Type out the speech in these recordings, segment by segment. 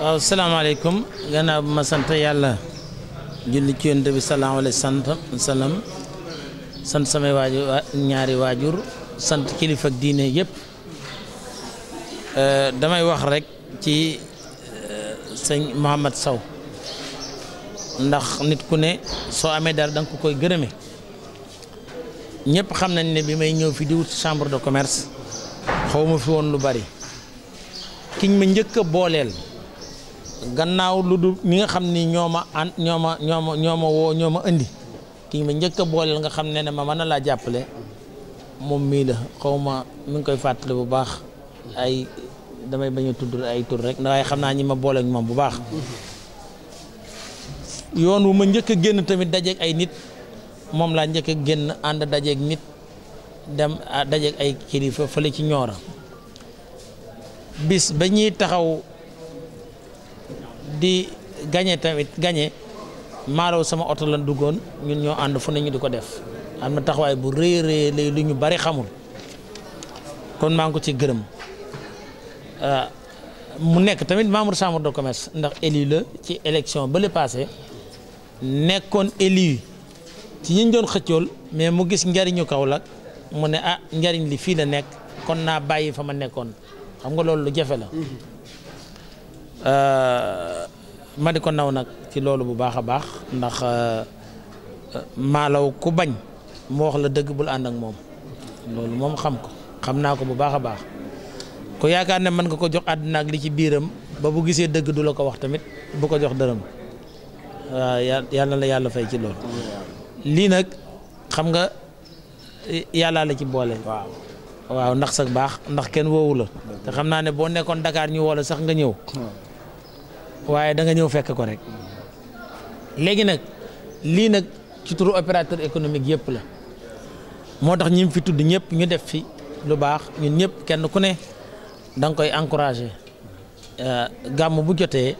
waaw salaamaaleykum gannaaw bu ma sant yàlla julli ci yonent bi sallallahu alayhi wa sallam sant samay waajur ñaari waajur sant kilifa ak diine yëpp euh, damay wax rekk ci euh, sëñ Mouhamad saw ndax nit ku ne soo amee dara da nga koy gërëme ñëpp xam nañ ne bi may ñëw fi di wut chambre de commerce xaw ma fi woon lu bari kiñ ma njëkk a booleel. gannaaw lu dul ñi nga xam ni ñoo ma an ñoo ma ñoo ma ñoo ma woo ñoo ma indi kii ma njëkk a booleel nga xam ne ne ma mën a laa jàppale moom mii la xaw ma mi ngi koy fàttale bu baax ay damay bañ a tudd ay tur rek waaye xam naa ñi ma booleeg moom bu baax yoon wu ma njëkk a génn tamit dajeeg ay nit moom laa njëkk génn ànd dajeeg nit dem ah, dajeeg ay kilifa fële ci ñoora bis ba ñuy taxaw di gañe tamit gañe maalaw sama oto lan duggoon ñun ñoo ànd fu nañu di ko def am na taxawaay bu rëy rëy lay lu ñu bari xamul kon maa ngi ko ci gërëm ah, mu nekk tamit membre chambre de commerce ndax élu la ci élection ba le passé nekkoon élu ci ñi ñu doon xëccool mais mu gis njariñu Kaolack mu ne ah njariñ li fii la nekk kon naa bàyyi fa ma nekkoon xam nga loolu lu jafe la mm-hmm. Euh, ma di ko naw nag ci loolu bu baax a baax ndax euh, maalaw ku bañ mu wax la dëgg bul ànd ak moom loolu moom xam ko xam naa ko bu baax a baax ku yaakaar ne mën nga ko jox àddina ak li ci biiram ba bu gisee dëgg du la ko wax tamit bu ko jox dërëm yàlla la yàlla fay ci loolu lii nag xam nga yàllaa la ci boole waaw ndax sa baax ndax kenn woowu la te xam naa ne boo nekkoon Dakar ñu woo sax nga ñëw hmm. waaye da nga ñëw fekk ko rek léegi nag lii nag ci turu opérateur économique yëpp la moo tax ñi fi tudd ñëpp ñu def fi lu baax ñun ñépp kenn ku ne danga koy encouragé euh, gàmm bu jotee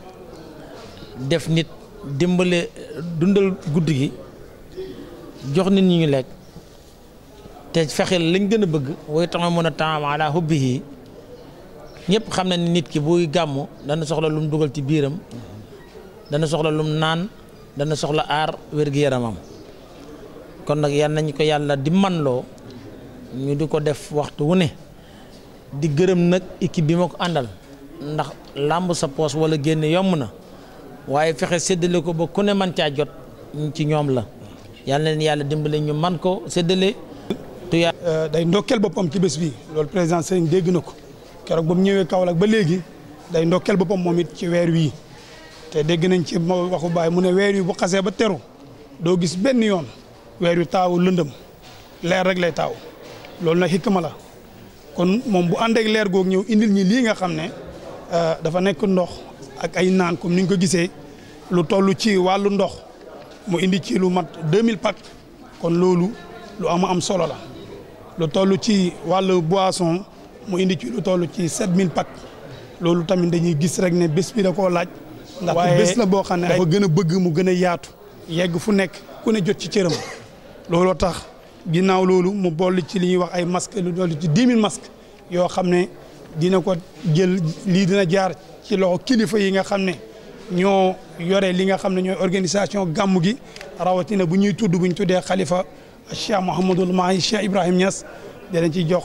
def nit dimbale dundal guddi gi jox nit ñi ñu lekk te fexeel lañ gën a bëgg way tax ma mën a taam ala hubbihi ñëpp xam na ni nit ki buy gàmmu dana soxla lu dugal ci biiram dana soxla lum naan dana soxla aar wér-gu-yaramam kon nag yal nañ ko yàlla di man loo ñu di ko def waxtu wu ne di gërëm nag équipe bi ma ko àndal ndax làmb sa poos wala génn yomb na waaye fexe séddale ko ba ku ne man caa jot ci ñoom la yàlla leen yàlla dimbale ñu man ko séddale. Euh, day ndokkeel boppam ci bés bi loolu président Serigne dégg na ko keroog ba mu ñëwee Kaolack ba léegi day ndokkeel boppam moom it ci weer wii te dégg nañ ci waxu baay mu ne weer wi bu xasee ba teru doo gis benn yoon weer wi taawu lëndëm leer rek lay taaw loolu nag xikma la kon moom bu àndeek leer goog ñëw indil ñi lii nga xam ne euh, dafa nekk ndox ak ay naan comme ni ñu ko gisee lu toll ci wàllu ndox mu indi ci lu mat 2000 pack kon loolu lu am am solo la lu toll ci wàllu boisson mu indi ci lu toll ci 7000 pat loolu tamit dañuy gis rek ne bés bi da koo laaj. ndax bés la boo xam ne dafa gën a bëgg mu gën a yaatu. yegg fu nekk ku ne jot ci cëram. looloo tax ginnaaw loolu mu boll ci li ñuy wax ay masque lu toll ci 10 000 masques yoo xam ne dina ko jël lii dina jaar ci loxo kilifa yi nga xam ne ñoo yore li nga xam ne ñooy organisation gàmm gi rawatina bu ñuy tudd bu ñu tuddee xalifa Cheikh Mouhamadul Mahi Cheikh Ibrahim Niass danañ ci jox.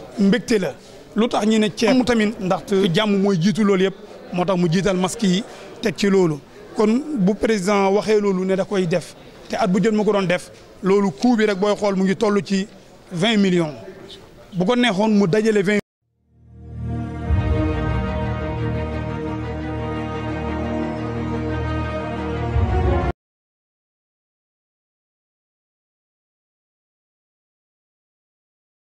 mbégte la lu tax ñu ne ceeb mm. tamit ndaxte jàmm mooy jiitu loolu yëpp moo tax mu jiital maski yi teg ci loolu kon bu président waxee loolu ne da koy def te at bu jën mu ko doon def loolu coût bi rek booy xool mu ngi tollu ci vingt millions bu ko mu dajale